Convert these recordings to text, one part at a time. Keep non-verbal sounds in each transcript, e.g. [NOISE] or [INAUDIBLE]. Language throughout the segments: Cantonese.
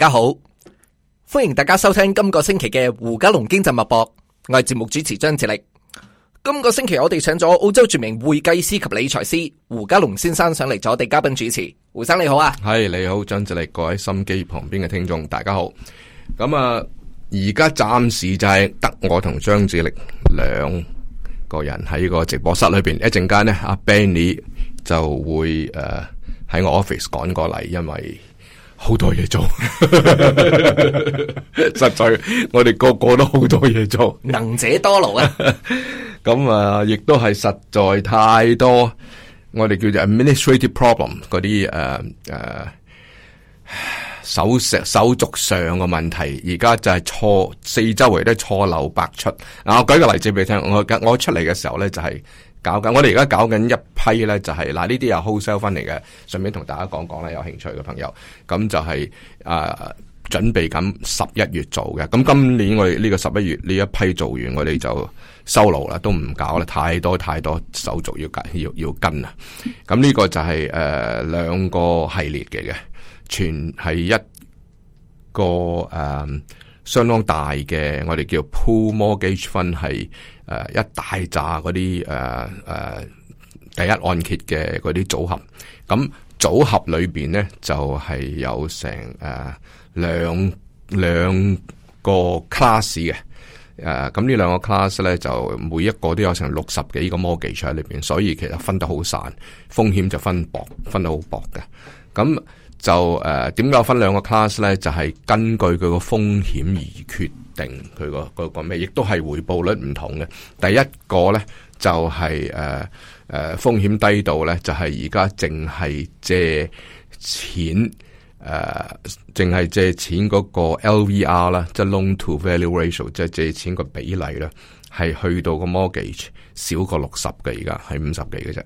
大家好，歡迎大家收聽今個星期嘅胡嘉龍經濟脈搏，我係節目主持張志力。今個星期我哋請咗澳洲著名會計師及理財師胡嘉龍先生上嚟做我哋嘉賓主持。胡生你好啊，係、hey, 你好，張志力各位心機旁邊嘅聽眾大家好。咁啊，而家暫時就係得我同張志力兩個人喺個直播室裏邊，一陣間呢，阿、啊、Benny 就會誒喺、啊、我 office 趕過嚟，因為。好多嘢做， [LAUGHS] 實在我哋個個都好多嘢做，能者多勞啊， [LAUGHS] 啊！咁啊，亦都係實在太多，我哋叫做 administrative problem 嗰啲誒誒，手食手續上嘅問題，而家就係錯四周圍都錯漏百出。嗱、啊，我舉個例子俾你聽。我我出嚟嘅時候咧就係、是。搞緊，我哋而家搞緊一批咧、就是，就係嗱呢啲係 wholesale fund 嚟嘅，順便同大家講講咧，有興趣嘅朋友，咁就係、是、誒、呃、準備緊十一月做嘅。咁今年我哋呢個十一月呢一批做完，我哋就收爐啦，都唔搞啦，太多太多手續要跟要要跟啦。咁呢個就係誒兩個系列嘅嘅，全係一個誒、呃、相當大嘅，我哋叫 pool mortgage fund 係。誒一大扎嗰啲誒誒第一按揭嘅嗰啲組合，咁組合裏邊呢就係有成誒兩兩個 class 嘅，誒咁呢兩個 class 咧就每一個都有成六十幾個 mortgage 喺裏邊，所以其實分得好散，風險就分薄，分得好薄嘅，咁。就誒，點、呃、解分兩個 class 咧？就係、是、根據佢個風險而決定佢個個咩，亦都係回報率唔同嘅。第一個咧就係誒誒，風險低度咧，就係而家淨係借錢誒，淨、呃、係借錢嗰個 LVR 啦，即係 loan to valuation，即係借錢比個，呃，這個比例啦，係去到個 mortgage 少過六十嘅，而家係五十幾嘅啫。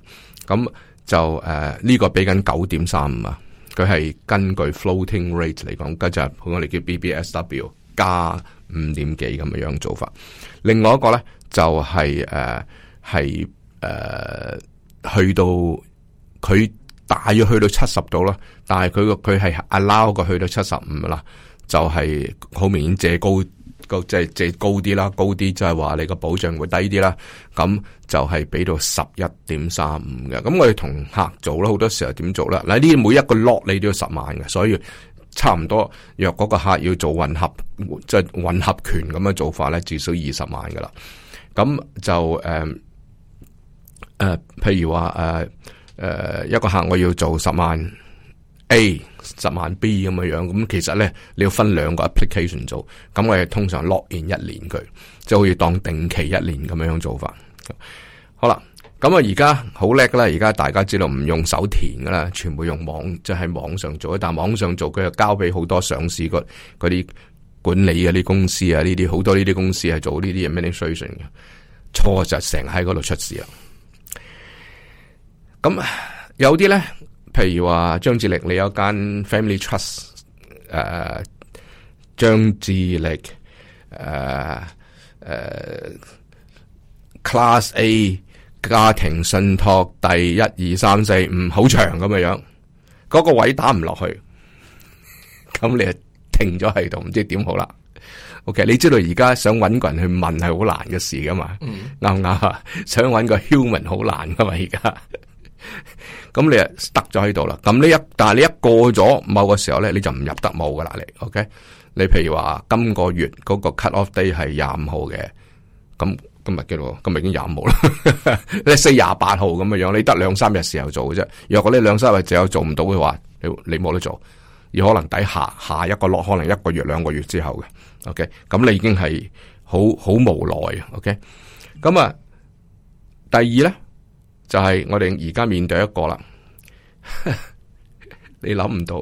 咁就誒呢個俾緊九點三五啊。佢係根據 floating rate 嚟講，跟住我哋叫 BBSW 加五點幾咁嘅樣做法。另外一個咧就係誒，係誒去到佢大約去到七十度啦，但係佢個佢係 allow 個去到七十五啦，就係好明顯借高。個即係即係高啲啦，高啲就係話你個保障會低啲啦，咁就係俾到十一點三五嘅。咁我哋同客做啦，好多時候點做啦？嗱，呢每一個 lock 你都要十萬嘅，所以差唔多若嗰個客要做混合，即係混合權咁嘅做法咧，至少二十萬噶啦。咁就誒誒、呃呃，譬如話誒誒一個客我要做十萬。A 十萬 B 咁樣樣，咁其實咧你要分兩個 application 做，咁我哋通常 lock in 一年佢，即係好似當定期一年咁樣樣做法。好啦，咁啊而家好叻啦，而家大家知道唔用手填噶啦，全部用網即係喺網上做，但網上做佢又交俾好多上市嗰啲管理嗰啲公司啊，呢啲好多呢啲公司係做呢啲嘢 administration 嘅，錯就成日喺嗰度出事啊！咁有啲咧。譬如話張智力，你有間 Family Trust，誒、啊，張智力誒誒、啊啊、Class A 家庭信託第一二三四五好長咁嘅樣，嗰、那個位打唔落去，咁 [LAUGHS] 你就停咗喺度，唔知點好啦。OK，你知道而家想搵個人去問係好難嘅事噶嘛？啱唔啱啊？想搵個 human 好難噶嘛？而家。 [LAUGHS] 咁你啊，得咗喺度啦。咁呢一，但係呢一過咗某個時候咧，你就唔入得冇噶啦，你，OK？你譬如話今個月嗰個 cut off day 係廿五號嘅，咁今日幾多？今日已經廿五號啦。 [LAUGHS] 你四廿八號咁嘅樣，你得兩三日時候做嘅啫。若果你兩三日只有做唔到嘅話，你你冇得做，而可能底下下一個落，可能一個月兩個月之後嘅，OK？咁你已經係好好無奈啊，OK？咁啊，第二咧。就係我哋而家面對一個啦， [LAUGHS] 你諗唔到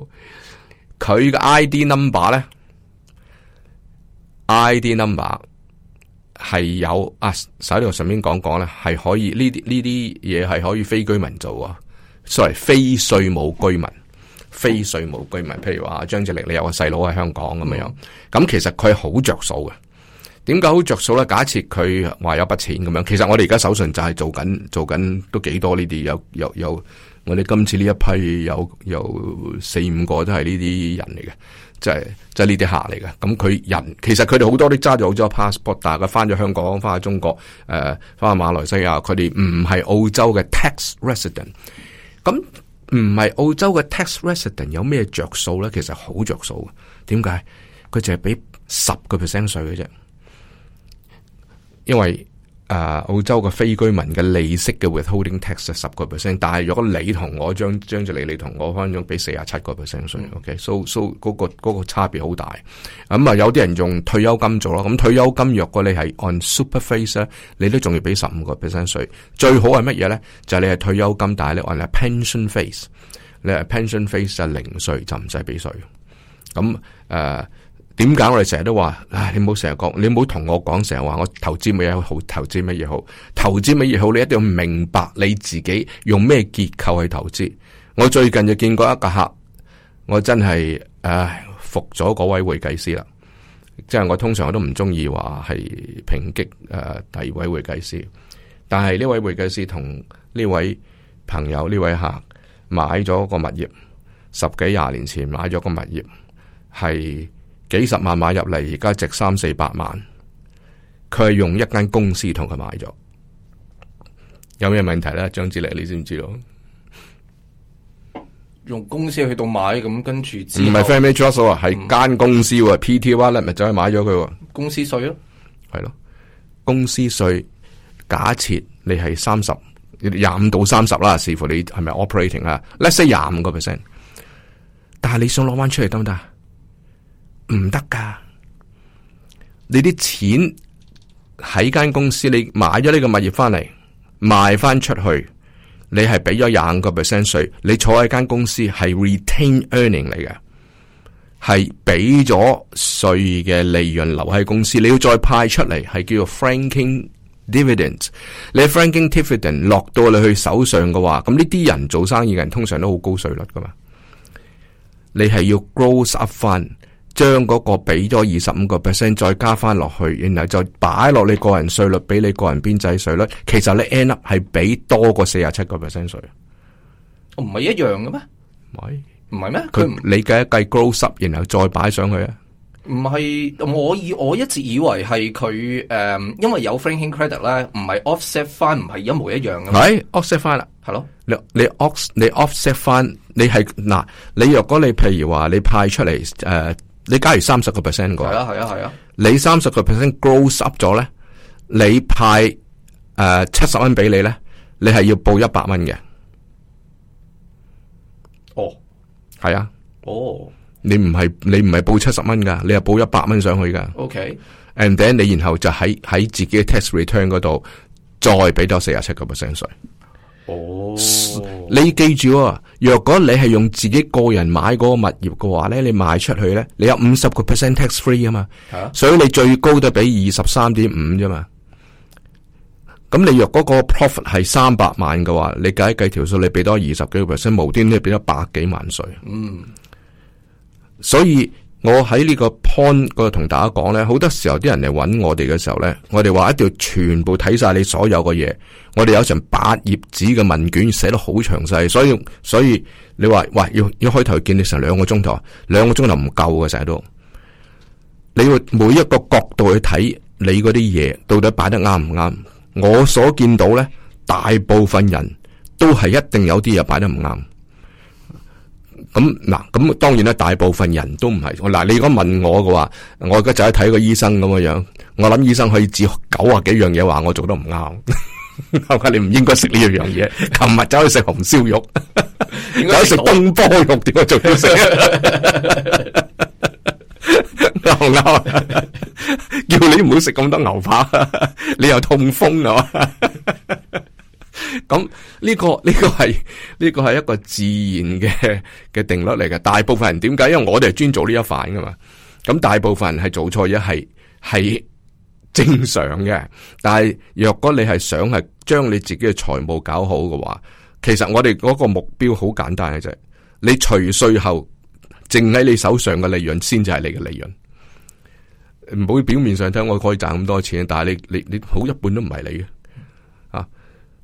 佢嘅 I D number 咧，I D number 係有啊，喺度上面講講咧，係可以呢啲呢啲嘢係可以非居民做啊，所謂非稅務居民、非稅務居民，譬如話張志力，你有個細佬喺香港咁樣樣，咁其實佢好着數嘅。點解好着數咧？假設佢話有筆錢咁樣，其實我哋而家手上就係做緊做緊都幾多呢啲有有有我哋今次呢一批有有四五個都係呢啲人嚟嘅，即係即係呢啲客嚟嘅。咁佢人其實佢哋好多都揸咗好多 passport，但係佢翻咗香港翻去中國誒翻去馬來西亞，佢哋唔係澳洲嘅 tax resident。咁唔係澳洲嘅 tax resident 有咩着數咧？其實好着數嘅。點解？佢淨係俾十個 percent 稅嘅啫。因為誒、呃，澳洲嘅非居民嘅利息嘅 withholding tax 係十個 percent，但係如果你同我將將住嚟，你同我可能要俾四十七個 percent 稅。OK，so so 嗰個嗰個差別好大。咁、嗯、啊、嗯，有啲人用退休金做咯。咁、嗯、退休金若果你係按 super phase 咧，你都仲要俾十五個 percent 稅。最好係乜嘢咧？就係、你係退休金，但係你按 pension phase，你係 pension phase，你係 pension phase 就零稅就唔使俾稅。咁、嗯、誒。呃點解我哋成日都話，唉，你唔好成日講，你唔好同我講成日話，我投資乜嘢好，投資乜嘢好，投資乜嘢好，你一定要明白你自己用咩結構去投資。我最近就見過一個客，我真係唉服咗嗰位會計師啦。即係我通常我都唔中意話係抨擊誒第二位會計師，但係呢位會計師同呢位朋友呢位客買咗個物業，十幾廿年前買咗個物業係。幾十萬買入嚟，而家值三四百萬，佢係用一間公司同佢買咗，有咩問題咧？張志力，你知唔知道？用公司去到買咁跟住唔係 family trust 啊、嗯，係間公司喎，PTY 咧咪走去買咗佢？公司稅咯，係咯，公司稅。假設你係三十廿五到三十啦，視乎你係咪 operating 啊，let say 廿五個 percent，但係你想攞翻出嚟得唔得啊？唔得噶！你啲錢喺間公司，你買咗呢個物業翻嚟賣翻出去，你係俾咗廿五個 percent 稅。你坐喺間公司係 retain earning 嚟嘅，係俾咗稅嘅利潤留喺公司。你要再派出嚟，係叫做 franking dividend。你 franking dividend 落到你去手上嘅話，咁呢啲人做生意嘅人通常都好高稅率噶嘛。你係要 gross up 翻。將嗰個俾咗二十五個 percent，再加翻落去，然後再擺落你個人稅率，俾你個人邊際稅率。其實你 end up 係俾多過四十七個 percent 稅，唔係、哦、一樣嘅咩？唔係咩？佢你計一計 gross up，然後再擺上去啊？唔係我以我一直以為係佢誒，因為有 franking credit 咧，唔係 offset 翻，唔係一模一樣嘅。係 offset 翻啦，係咯 Hello?？你 off, 你 offset 你 offset 翻，你係嗱，你若果你譬如話你派出嚟誒。呃你假如三十個 percent 個，係啊係啊係啊，啊啊你三十個 percent gross up 咗咧，你派誒七十蚊俾你咧，你係要報一百蚊嘅。哦，係啊，哦，你唔係你唔係報七十蚊噶，你係報一百蚊上去噶。OK，and Okay. then 你然後就喺喺自己嘅 tax return 嗰度再俾多四十七個 percent 稅。稅哦，oh. 你記住啊，若果你係用自己個人買嗰個物業嘅話咧，你賣出去咧，你有五十個 percent tax free 啊嘛，所以你最高都係俾二十三點五啫嘛。咁你若嗰個 profit 係三百萬嘅話，你計一計條數，你俾多二十幾個 percent，無端端俾咗百幾萬稅。嗯，mm. 所以。我喺呢個 point 嗰度同大家講呢，好多時候啲人嚟揾我哋嘅時候呢，我哋話一定要全部睇晒你所有嘅嘢，我哋有成八頁紙嘅問卷寫得好詳細，所以所以你話喂，要一開頭見你成兩個鐘頭，兩個鐘頭唔夠嘅成日都，你要每一個角度去睇你嗰啲嘢到底擺得啱唔啱？我所見到呢，大部分人都係一定有啲嘢擺得唔啱。咁嗱，咁當然咧，大部分人都唔係。嗱，你如果問我嘅話，我而家就喺睇個醫生咁嘅樣，我諗醫生可以指九啊幾樣嘢，話我做得唔啱，係 [LAUGHS] 你唔應該食呢樣樣嘢。琴日走去食紅燒肉，走去食東坡肉，點解仲要食？ [LAUGHS] [LAUGHS] 牛牛，叫你唔好食咁多牛扒，你又痛風啊？ [LAUGHS] 咁呢、呢個呢、呢個係呢、呢個係一個自然嘅嘅定律嚟嘅。大部分人點解？因為我哋係專做呢一範噶嘛。咁大部分人係做錯嘢，係係正常嘅。但係若果你係想係將你自己嘅財務搞好嘅話，其實我哋嗰個目標好簡單嘅啫、就是。你除稅後淨喺你手上嘅利，利潤，先至係你嘅利潤。唔好表面上聽我可以賺咁多錢，但係你你你好一半都唔係你嘅。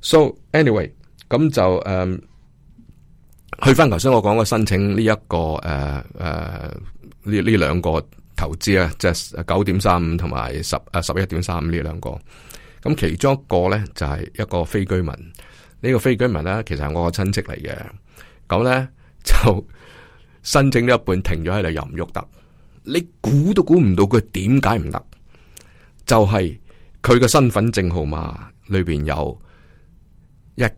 so anyway，咁就誒、嗯、去翻頭先我講嘅申請呢一個誒誒呢呢兩個投資、就是、啊，即係九點三五同埋十誒十一點三五呢兩個。咁其中一個咧就係、是、一個非居民呢、這個非居民咧，其實係我個親戚嚟嘅。咁咧就申請呢一半停咗喺度，又唔喐得。你估都估唔到佢點解唔得？就係佢個身份證號碼裏邊有。一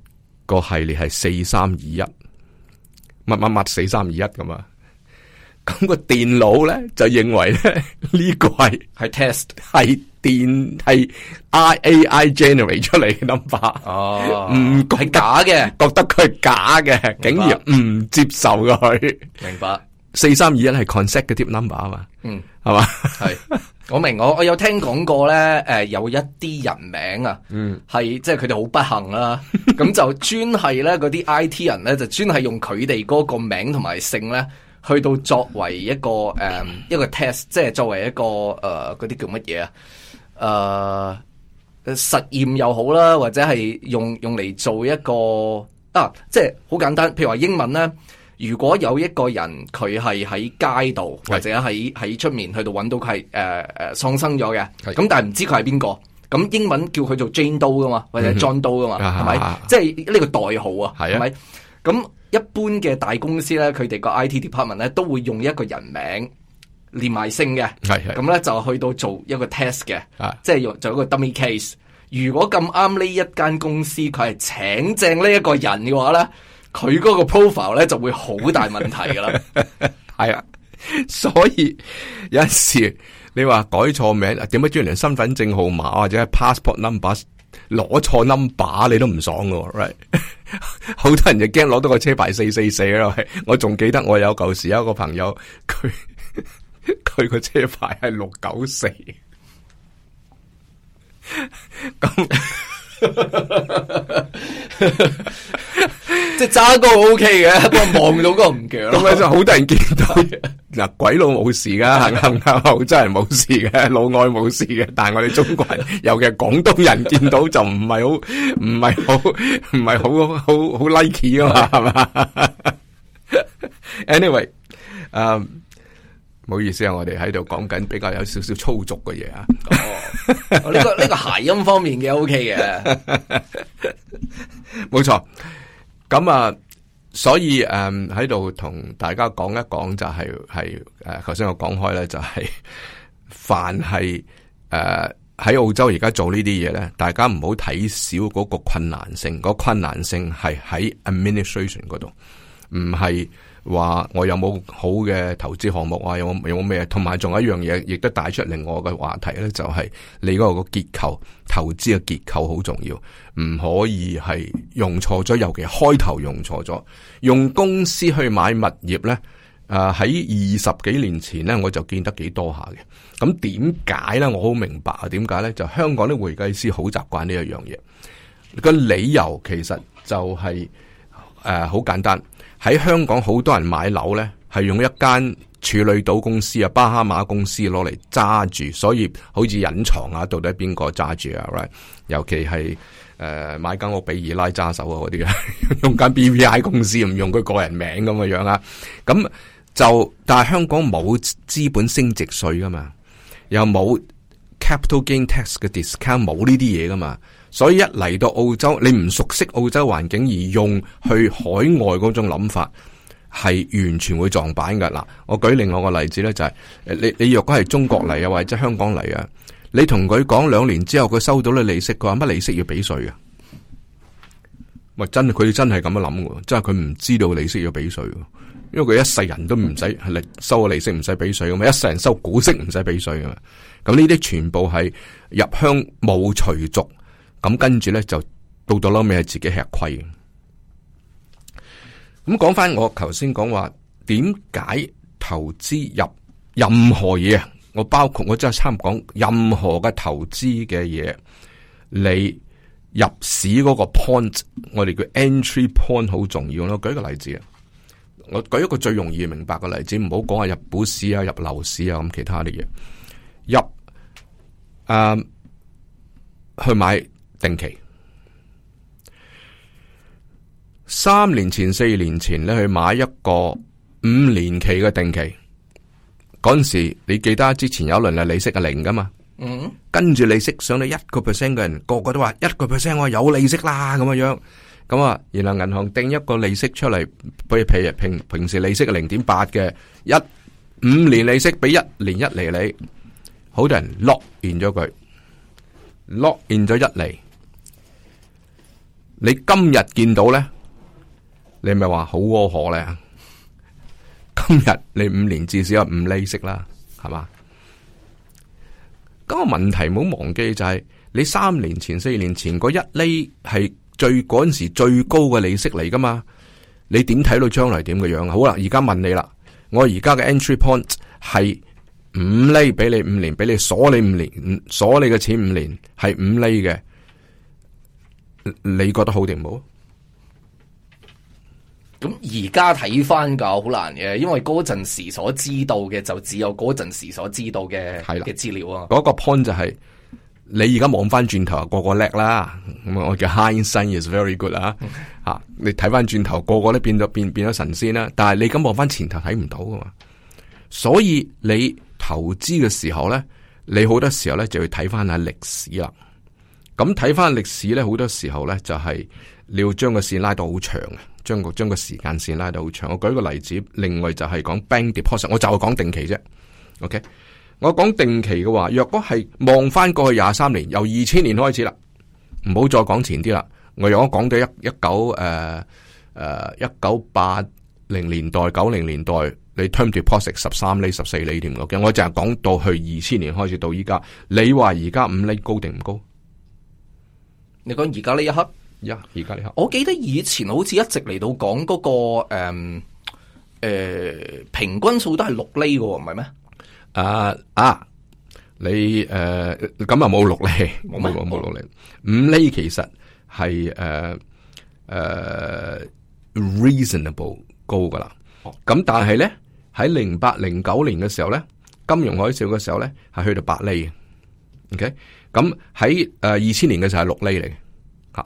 個系列係四三二一，乜乜乜四三二一咁啊？咁個電腦咧就認為咧呢、這個係係是 test 係電係 I A I generate 出嚟嘅 number 哦，唔係假嘅，覺得佢係假嘅，竟然唔接受佢。明白，四三二一係 consecutive number 啊嘛，嗯，係嘛吧，係。我明，我我有聽講過咧，誒、呃、有一啲人名啊，係、嗯、即係佢哋好不幸啦，咁 [LAUGHS] 就專係咧嗰啲 IT 人咧就專係用佢哋嗰個名同埋姓咧，去到作為一個誒、呃、一個 test，即係作為一個誒嗰啲叫乜嘢啊？誒、呃、實驗又好啦，或者係用用嚟做一個啊，即係好簡單，譬如話英文咧。如果有一個人佢係喺街度，或者喺喺出面去到揾到佢係誒誒喪生咗嘅，咁是的 但係唔知佢係邊個？咁英文叫佢做 Jane Doe 噶嘛，或者 John Doe 噶嘛，係咪？即係呢個代號啊，係咪是的？咁一般嘅大公司咧，佢哋個 IT department 咧都會用一個人名連埋星嘅，咁咧是的 就去到做一個 test 嘅，是的 啊、即係做一個 dummy case。如果咁啱呢一間公司佢係請正呢一個人嘅話咧。佢嗰個 profile 咧就會好大問題噶啦，係啊， [LAUGHS] 所以有陣時你話改錯名，點解居然連身份證號碼或者 passport number 攞錯 number 你都唔爽噶？right，好 [LAUGHS] 多人就驚攞到個車牌四四四咯，我仲記得我有舊時有一個朋友，佢佢個車牌係六九四咁。即係揸哥 O K 嘅，不過望到哥唔強，咁咪就好多人見到。嗱，鬼佬冇事噶，真係冇事嘅，老外冇事嘅，但係我哋中國人，尤其係廣東人見到就唔係好，唔係好，唔係好好好 like 嘅嘛，係嘛？Anyway，誒。唔好意思啊，我哋喺度講緊比較有少少粗俗嘅嘢啊。呢個呢個諧音方面嘅 OK 嘅，冇錯。咁啊，所以誒喺度同大家講一講就係係誒，頭先、啊、我講開咧就係、是，凡係誒喺澳洲而家做呢啲嘢咧，大家唔好睇少嗰個困難性，嗰、那個、困難性係喺 administration 嗰度，唔係。話我有冇好嘅投資項目啊？有冇有冇咩？同埋仲有一樣嘢，亦都帶出另外嘅話題咧，就係、是、你嗰個結構投資嘅結構好重要，唔可以係用錯咗，尤其開頭用錯咗，用公司去買物業咧。誒、啊，喺二十幾年前咧，我就見得幾多下嘅。咁點解咧？我好明白啊！點解咧？就香港啲會計師好習慣呢一樣嘢，個理由其實就係、是、誒，好、啊、簡單。喺香港好多人買樓咧，係用一間處女島公司啊、巴哈馬公司攞嚟揸住，所以好似隱藏啊，到底邊個揸住啊？Right，尤其係誒、呃、買間屋俾二奶揸手啊嗰啲， [LAUGHS] 用間 BVI 公司唔用佢個人名咁嘅樣啊。咁就但係香港冇資本升值稅噶嘛，又冇 capital gain tax 嘅 discount，冇呢啲嘢噶嘛。所以一嚟到澳洲，你唔熟悉澳洲環境而用去海外嗰種諗法，係完全會撞板噶。嗱，我舉另外個例子咧，就係、是、誒你你若果係中國嚟啊，或者香港嚟啊，你同佢講兩年之後佢收到你利息，佢話乜利息要俾稅嘅？喂，真佢真係咁樣諗嘅，即係佢唔知道利息要俾稅嘅，因為佢一世人都，都唔使係嚟收個利息唔使俾稅咁嘛，一世人收股息唔使俾稅嘅。咁呢啲全部係入鄉冇隨俗。咁跟住咧，就到咗啦，尾係自己吃虧嘅。咁講翻我頭先講話，點解投資入任何嘢，我包括我真係差唔講任何嘅投資嘅嘢，你入市嗰個 point，我哋叫 entry point 好重要咯。舉一個例子啊，我舉一個最容易明白嘅例子，唔好講啊入股市啊入樓市啊咁其他啲嘢入，啊去買。定期三年前、四年前咧去買一個五年期嘅定期，嗰陣時你記得之前有輪係利息係零噶嘛？嗯，跟住利息上到一個 percent 嘅人，個個都話一個 percent，我有利息啦咁樣樣。咁啊，然後銀行定一個利息出嚟，譬如譬如平平時利息係零點八嘅，一五年利息俾一年一厘你，好多人 lock in 咗佢，lock in 咗一厘。你今日見到咧，你咪話好窩火咧？ [LAUGHS] 今日你五年至少有五厘息啦，係嘛？咁、那個問題唔好忘記就係、是，你三年前、四年前嗰一厘係最嗰陣時最高嘅利息嚟噶嘛？你點睇到將來點嘅樣啊？好啦，而家問你啦，我而家嘅 entry point 係五厘俾你，五年俾你鎖你五年，鎖你嘅錢五年係五厘嘅。你覺得好定唔好？咁而家睇翻噶，好難嘅，因為嗰陣時所知道嘅就只有嗰陣時所知道嘅係啦嘅資料啊。嗰、嗰個 point 就係、係、你而家望翻轉頭個個叻啦。咁我叫 hindsight is very good [LAUGHS] 啊！吓，你睇翻轉頭個個都變咗變變咗神仙啦。但係你咁望翻前頭睇唔到噶嘛。所以你投資嘅時候咧，你好多時候咧就要睇翻下歷史啦。咁睇翻歷史咧，好多時候咧就係你要將個線拉到好長，將個將個時間線拉到好長。我舉個例子，另外就係講 bank deposit，我就係講定期啫。OK，我講定期嘅話，若果係望翻過去廿三年，由二千年開始啦，唔好再講前啲啦。我若果講到一一九誒誒一九八零年代、九零年代，你 term deposit 十三厘、十四厘添嘅，我淨係講到去二千年開始到依家。你話而家五厘高定唔高？你講而家呢一刻，而家呢一刻，我記得以前好似一直嚟到講嗰個誒誒、嗯嗯、平均數都係六厘嘅，唔係咩？啊、uh, 啊，你誒咁、uh, 又冇六厘，冇冇冇六厘，五、哦、厘其實係誒誒 reasonable 高噶啦。咁、哦、但係咧喺零八零九年嘅時候咧，金融海嘯嘅時候咧，係去到八厘。OK。咁喺誒二千年嘅時候係六厘嚟嘅，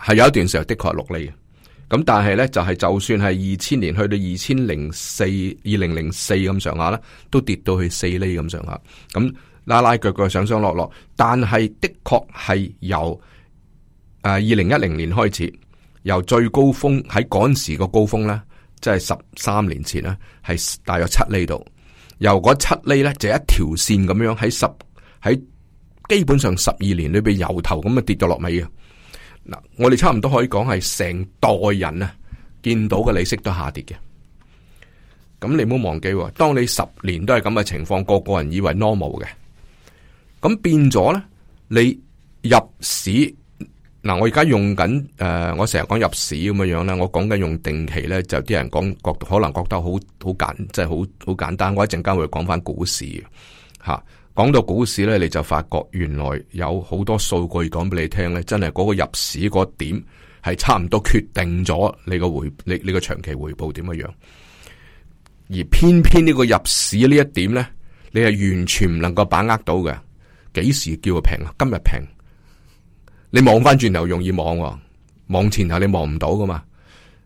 嚇係有一段時候的確六厘。嘅。咁但係咧就係、是、就算係二千年去到二千零四二零零四咁上下咧，都跌到去四厘咁上下。咁拉拉腳腳，上上落落，但係的確係由誒二零一零年開始，由最高峰喺嗰陣時個高峰咧，即係十三年前咧，係大約七厘度。由嗰七厘咧就是、一條線咁樣喺十喺。基本上十二年裏邊，由頭咁啊跌到落尾啊！嗱，我哋差唔多可以講係成代人啊，見到嘅利息都下跌嘅。咁你唔好忘記，當你十年都係咁嘅情況，個個人以為 normal 嘅，咁變咗咧，你入市嗱、啊，我而家用緊誒、呃，我成日講入市咁樣樣咧，我講緊用定期咧，就啲人講覺得可能覺得好好簡，即係好好簡單。我一陣間會講翻股市吓。啊講到股市咧，你就發覺原來有好多數據講俾你聽咧，真係嗰個入市嗰點係差唔多決定咗你個回你你個長期回報點樣樣。而偏偏呢個入市呢一點咧，你係完全唔能夠把握到嘅，幾時叫佢平啊？今日平，你望翻轉頭容易望，哦，望前頭你望唔到噶嘛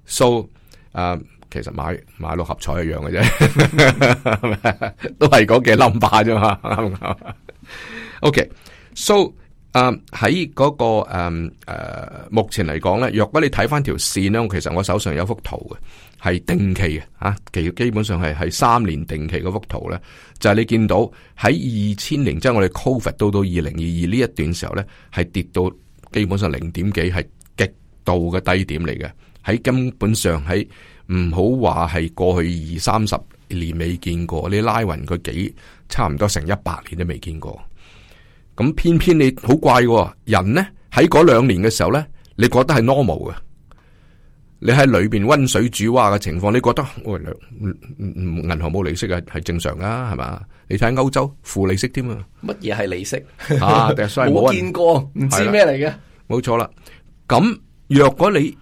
？So，誒、uh,。其實買買六合彩一樣嘅啫， [LAUGHS] 都係嗰幾冧把啫嘛。O K，so，誒喺嗰個誒誒目前嚟講咧，若果你睇翻條線咧，其實我手上有幅圖嘅，係定期嘅啊，其基本上係係三年定期嗰幅圖咧，就係、是、你見到喺二千零即係我哋 cover 到到二零二二呢一段時候咧，係跌到基本上零點幾係極度嘅低點嚟嘅，喺根本上喺。唔好話係過去二三十年未見過，你拉勻佢幾差唔多成一百年都未見過，咁偏偏你好怪嘅，人呢喺嗰兩年嘅時候呢，你覺得係 normal 嘅，你喺裏邊溫水煮蛙嘅情況，你覺得銀行冇利息，利息啊，係正常啦，係嘛？你睇下歐洲負利息添啊，乜嘢係利息？冇見過，唔知咩嚟嘅，冇錯啦。咁若果你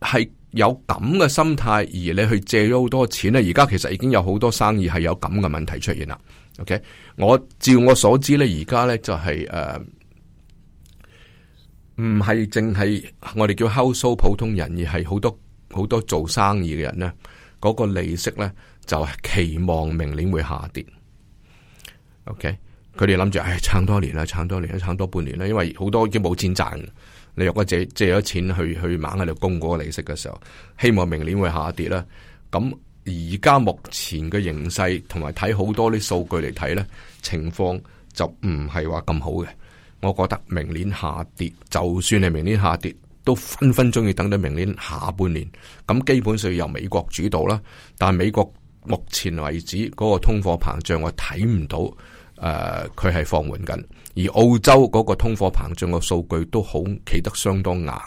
係。有咁嘅心態而你去借咗好多錢咧，而家其實已經有好多生意係有咁嘅問題出現啦。OK，我照我所知咧，而家咧就係、是、誒，唔係淨係我哋叫 household 普通人，而係好多好多做生意嘅人咧，嗰、那個利息咧就是、期望明年會下跌。OK，佢哋諗住誒，撐多年啦，撐多年啦，撐多半年啦，因為好多已經冇錢賺。你若果借借咗錢去去猛喺度供嗰個利息嘅時候，希望明年會下跌啦。咁而家目前嘅形勢同埋睇好多啲數據嚟睇咧，情況就唔係話咁好嘅。我覺得明年下跌，就算係明年下跌，都分分鐘要等到明年下半年。咁基本上由美國主導啦，但係美國目前為止嗰個通貨膨脹我睇唔到。誒，佢係、呃、放緩緊，而澳洲嗰個通貨膨脹個數據都好企得相當硬啊！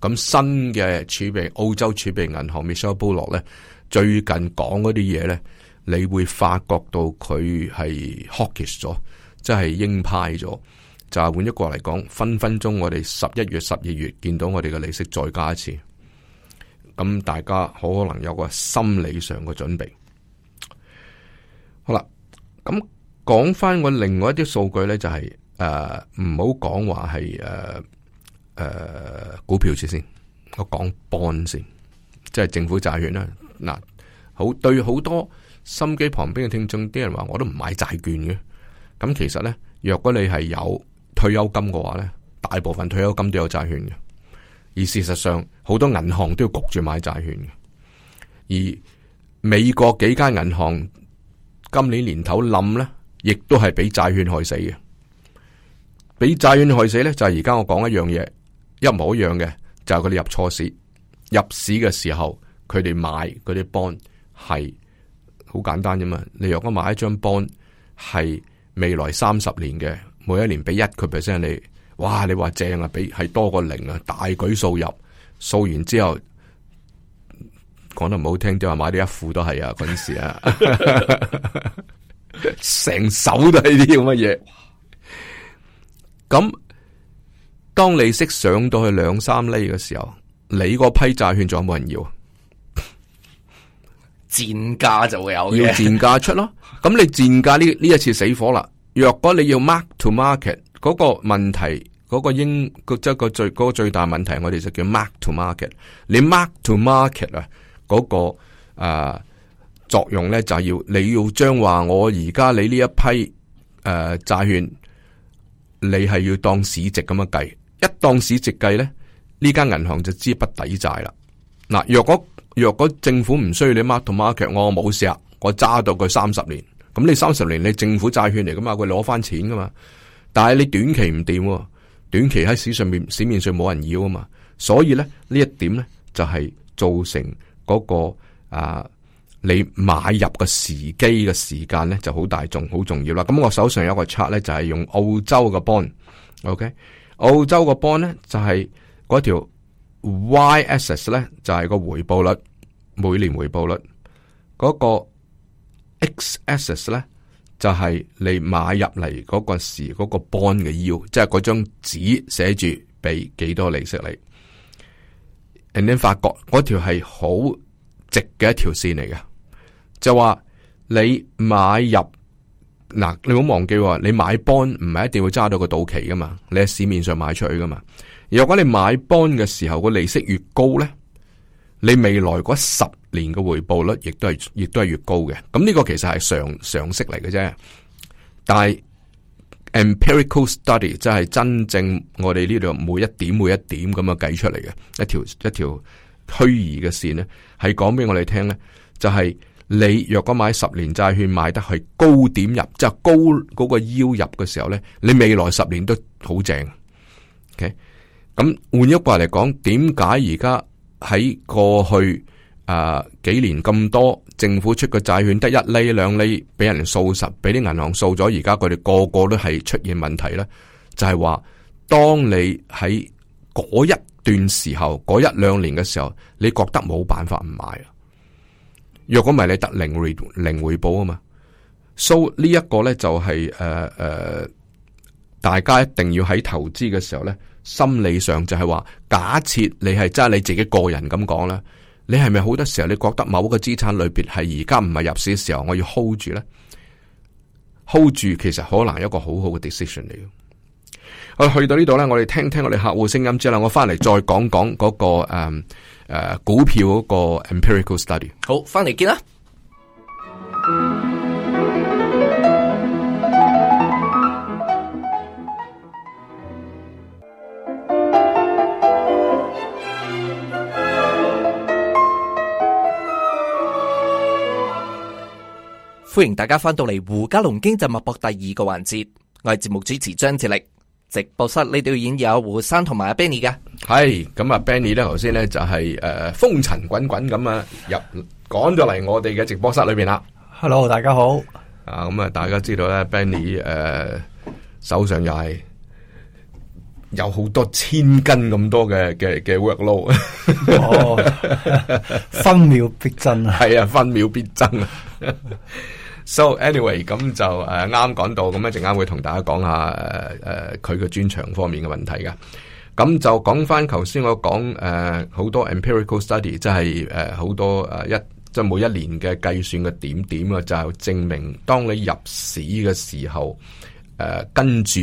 咁、啊、新嘅儲備澳洲儲備銀行 Michelle Bo 洛咧，最近講嗰啲嘢咧，你會發覺到佢係 hawkish 咗，即係鷹派咗。就換一個嚟講，分分鐘我哋十一月、十二月見到我哋嘅利息再加一次。咁、啊、大家好，可能有個心理上嘅準備。好啦，咁、啊。啊講翻我另外一啲數據咧，就是，就係誒，唔好講話係誒誒股票先，我講 bond 先，即係政府債券啦。嗱、啊，好對好多心機旁邊嘅聽眾，啲人話我都唔買債券嘅。咁其實咧，若果你係有退休金嘅話咧，大部分退休金都有債券嘅。而事實上，好多銀行都要焗住買債券嘅。而美國幾間銀行今年年頭冧咧。亦都係俾債券害死嘅，俾債券害死咧就係而家我講一樣嘢，一模一樣嘅就係佢哋入錯市，入市嘅時候佢哋買嗰啲 bond 係好簡單啫嘛，你若果買一張 bond 係未來三十年嘅每一年俾一個 percent 你，哇你話正啊，俾係多過零啊，大舉掃入，掃完之後講得唔好聽啲話買啲一副都係啊嗰陣時啊。 [LAUGHS] [LAUGHS] 成手都係啲咁嘅嘢，咁當你息上到去兩三厘嘅時候，你個批債券仲有冇人要啊？賤價就會有嘅，要賤價出咯。咁你賤價呢？呢一次死火啦。若果你要 mark to market 嗰個問題，嗰、嗰個英即係個最嗰、嗰個最大問題，我哋就叫 mark to market。你 mark to market 啊、嗰個，嗰個啊。作用咧就係、是、要你要將話我而家你呢一批誒債、呃、券，你係要當市值咁樣計，一當市值計咧，呢間銀行就資不抵債啦。嗱、啊，若果若果政府唔需要你 mark to market，我冇事啊，我揸到佢三十年，咁你三十年你政府債券嚟噶嘛，佢攞翻錢噶嘛。但係你短期唔掂、啊，短期喺市上面市面上冇人要啊嘛，所以咧呢一點咧就係、是、造成嗰、那個啊。呃你買入嘅時機嘅時間咧就好大，仲好重要啦。咁、嗯、我手上有一個 chart 咧，就係用澳洲嘅 bond，OK？、Okay? 澳洲嘅 bond 咧就係嗰條 Y axis 咧就係、是、個回報率，每年回報率。嗰、那個 X axis 咧就係、是、你買入嚟嗰個時嗰、那個 bond 嘅 yield，即係嗰張紙寫住俾幾多利息你。And then 發覺嗰條係好直嘅一條線嚟嘅。就話你買入嗱，你唔好忘記，你買 bond 唔係一定會揸到個到期噶嘛，你喺市面上買出去噶嘛。如果你買 bond 嘅時候個利息越高咧，你未來嗰十年嘅回報率亦都係亦都係越高嘅。咁呢個其實係常常識嚟嘅啫。但係 empirical study 即係真正我哋呢度每一點每一點咁樣計出嚟嘅一條一條虛擬嘅線咧，係講俾我哋聽咧，就係。你若果買十年債券，買得係高點入，即係高嗰、嗰個腰入嘅時候呢，你未來十年都好正嘅，咁換一句話嚟講，點解而家喺過去啊、呃、幾年咁多政府出嘅債券得一厘兩厘，俾人掃實，俾啲銀行掃咗，而家佢哋個個都係出現問題呢？就係、是、話當你喺嗰一段時候，嗰一兩年嘅時候，你覺得冇辦法唔買若果唔係你得零回零回報啊嘛，so 呢一個咧就係誒誒，大家一定要喺投資嘅時候咧，心理上就係話，假設你係真係你自己個人咁講啦，你係咪好多時候你覺得某個資產裏面係而家唔係入市嘅時候，我要 hold 住咧，hold 住其實可能一個好好嘅 decision 嚟嘅、啊。我去到呢度咧，我哋聽聽我哋客戶聲音之後，我翻嚟再講講嗰、那個誒。嗯誒，uh, 股票嗰個 empirical study，好，翻嚟見啦！歡迎大家翻到嚟胡嘉龍經濟脈搏第二個環節，我係節目主持張志力。直播室，呢度演有胡生同埋阿 Benny 嘅，係咁啊、hey！Benny 咧，頭先咧就係、是、誒、呃、風塵滾滾咁啊入趕咗嚟我哋嘅直播室裏邊啦。Hello，大家好啊！咁啊，大家知道咧 [MUSIC] ，Benny 誒、呃、手上又係有好多千斤咁多嘅嘅嘅 workload，分秒必爭啊！係、 [LAUGHS] oh, 啊，分秒必爭 [LAUGHS] [LAUGHS] 啊！ [LAUGHS] So anyway，咁就誒啱、啊、講到，咁一陣間會同大家講下誒誒佢嘅專長方面嘅問題嘅。咁就講翻頭先我講誒好多 empirical study，即係誒好多誒、啊、一即係每一年嘅計算嘅點點啦，就係、證明當你入市嘅時候，誒跟住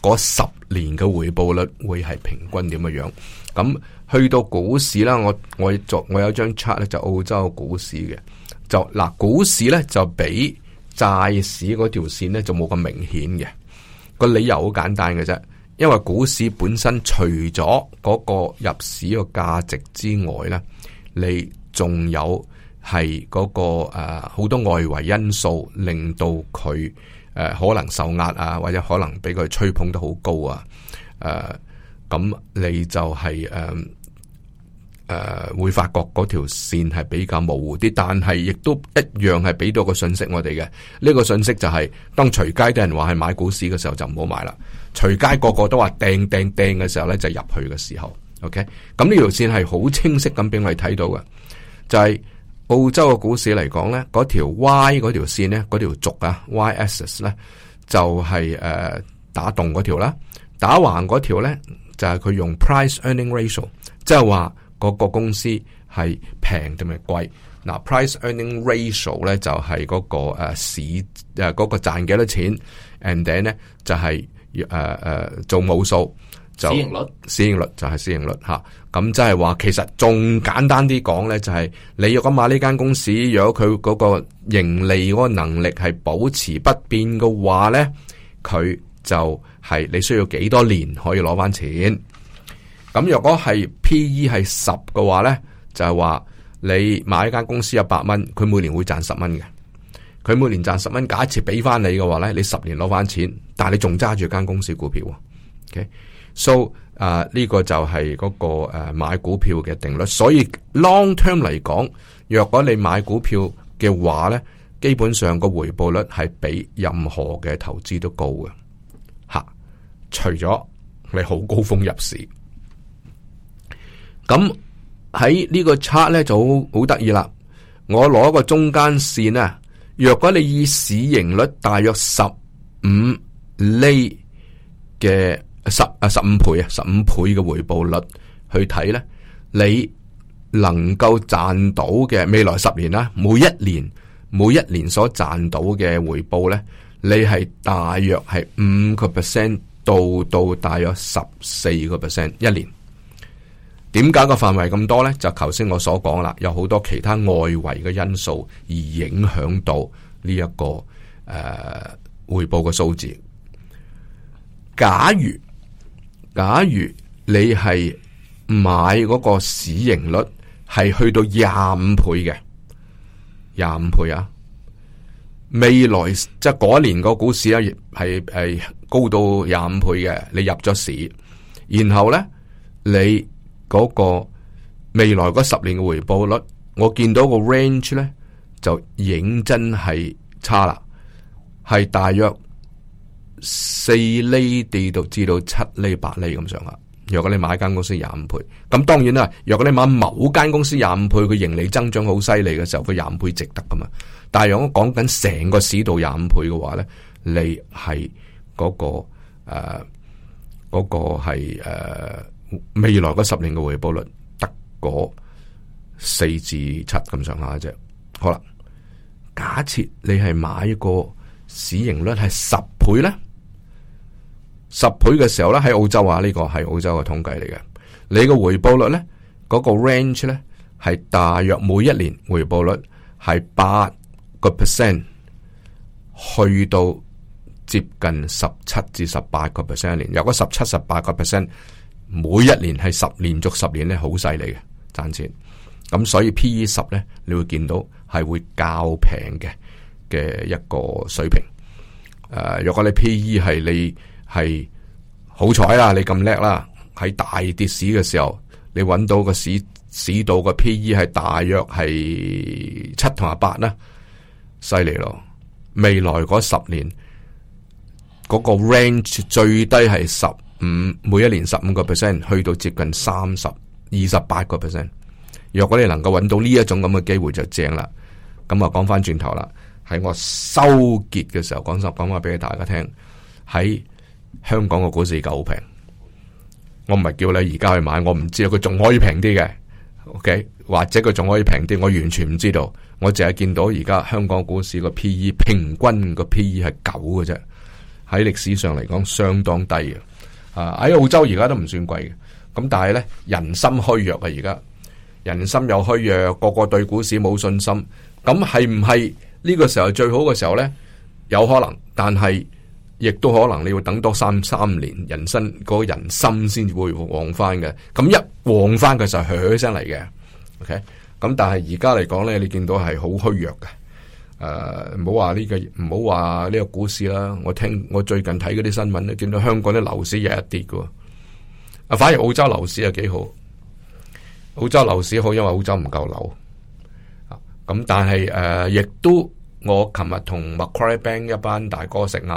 嗰十年嘅回報率會係平均點樣樣。咁去到股市啦，我我做我有一張 chart 咧，就澳洲股市嘅。就嗱，股市咧就比債市嗰條線咧就冇咁明顯嘅，個理由好簡單嘅啫，因為股市本身除咗嗰個入市個價值之外咧，你仲有係嗰、那個誒好、呃、多外圍因素令到佢誒、呃、可能受壓啊，或者可能俾佢吹捧得好高啊，誒、呃、咁你就係、是、誒。呃誒、呃，會發覺嗰條線係比較模糊啲，但係亦都一樣係俾到個信息我哋嘅。呢、這個信息就係當隨街啲人話係買股市嘅時候就唔好買啦。隨街個個都話掟掟掟嘅時候咧就入、是、去嘅時候，OK？咁、嗯、呢條線係好清晰咁俾我哋睇到嘅，就係、是、澳洲嘅股市嚟講咧，嗰條 Y 嗰條線咧、啊，嗰、就是呃、條軸啊，Y axis 咧就係誒打戙嗰條啦，打橫嗰條咧就係、是、佢用 price earning ratio，即係話。嗰個公司係平定係貴？嗱，啊，price earning ratio 咧就係嗰個誒市誒嗰個賺幾多錢，and then 咧就係誒誒做冇數，就市盈率。市盈率就係市盈率嚇。咁即係話其實仲簡單啲講咧，就係你如果買呢間公司，如果佢嗰個盈利嗰個能力係保持不變嘅話咧，佢就係你需要幾多年可以攞翻錢。咁若果係 P/E 係十嘅話咧，就係、是、話你買一間公司一百蚊，佢每年會賺十蚊嘅。佢每年賺十蚊，假設俾翻你嘅話咧，你十年攞翻錢，但係你仲揸住間公司股票。o、okay? k so 啊、uh, 呢個就係嗰、那個誒、uh, 買股票嘅定律。所以 long term 嚟講，若果你買股票嘅話咧，基本上個回報率係比任何嘅投資都高嘅。吓、啊，除咗你好高峰入市。咁喺呢個差咧就好好得意啦。我攞個中間線啊，若果你以市盈率大約十五厘嘅十，啊十五倍，啊十五倍嘅回報率去睇咧，你能夠賺到嘅未來十年啦，每一年每一年所賺到嘅回報咧，你係大約係五個 percent 到到大約十四個 percent 一年。點解個範圍咁多咧？就頭先我所講啦，有好多其他外圍嘅因素而影響到呢、這、一個誒、呃、回報嘅數字。假如假如你係買嗰個市盈率係去到廿五倍嘅廿五倍啊，未來即係嗰年個股市啊，係係高到廿五倍嘅。你入咗市，然後咧你。嗰個未來嗰十年嘅回報率，我見到個 range 咧就認真係差啦，係大約四厘地度至到七厘八厘咁上下。如果你買間公司廿五倍，咁當然啦。如果你買某間公司廿五倍，佢盈利增長好犀利嘅時候，佢廿五倍值得噶嘛。但係如果講緊成個市道廿五倍嘅話咧，你係嗰、嗰個誒，嗰、呃嗰個係誒。呃未來個十年嘅回報率得個四至七咁上下啫。好啦，假設你係買個市盈率係十倍咧，十倍嘅時候咧，喺澳洲啊，呢、這個係澳洲嘅統計嚟嘅。你嘅回報率咧，嗰、那個 range 咧係大約每一年回報率係八個 percent，去到接近十七至十八個 percent 一年。有個十七、十八個 percent。每一年係十，連續十年咧，好犀利嘅賺錢，咁所以 P E 十咧，你會見到係會較平嘅嘅一個水平。誒、呃，若果你 P E 係你係好彩啦，你咁叻啦，喺大跌市嘅時候，你揾到個市市道個 P E 係大約係七同埋八啦，犀利咯！未來嗰十年嗰、嗰個 range 最低係十。五每一年十五個 percent 去到接近三十二十八個 percent，若果你能夠揾到呢一種咁嘅機會就正啦。咁 [NOISE] 啊，講翻轉頭啦，喺我收結嘅時候講十講話俾大家聽，喺香港嘅股市夠平。我唔係叫你而家去買，我唔知啊，佢仲可以平啲嘅，OK，或者佢仲可以平啲，我完全唔知道。我淨係見到而家香港股市個 P E 平均個 P E 係九嘅啫，喺歷史上嚟講相當低啊。啊喺、uh, 澳洲而家都唔算貴嘅，咁但係咧，人心虛弱啊，而家人心有虛弱，個個對股市冇信心，咁係唔係呢個時候最好嘅時候咧？有可能，但係亦都可能你要等多三三年人，人、那、生個人心先會旺翻嘅。咁一旺翻嘅時候，響聲嚟嘅。OK，咁但係而家嚟講咧，你見到係好虛弱嘅。誒，唔好話呢個唔好話呢個股市啦。我聽我最近睇嗰啲新聞都見到香港啲樓市日日跌嘅，啊，反而澳洲樓市又幾好。澳洲樓市好，因為澳洲唔夠樓。咁但係誒，亦、啊、都我琴日同 Macquarie Bank 一班大哥食晏，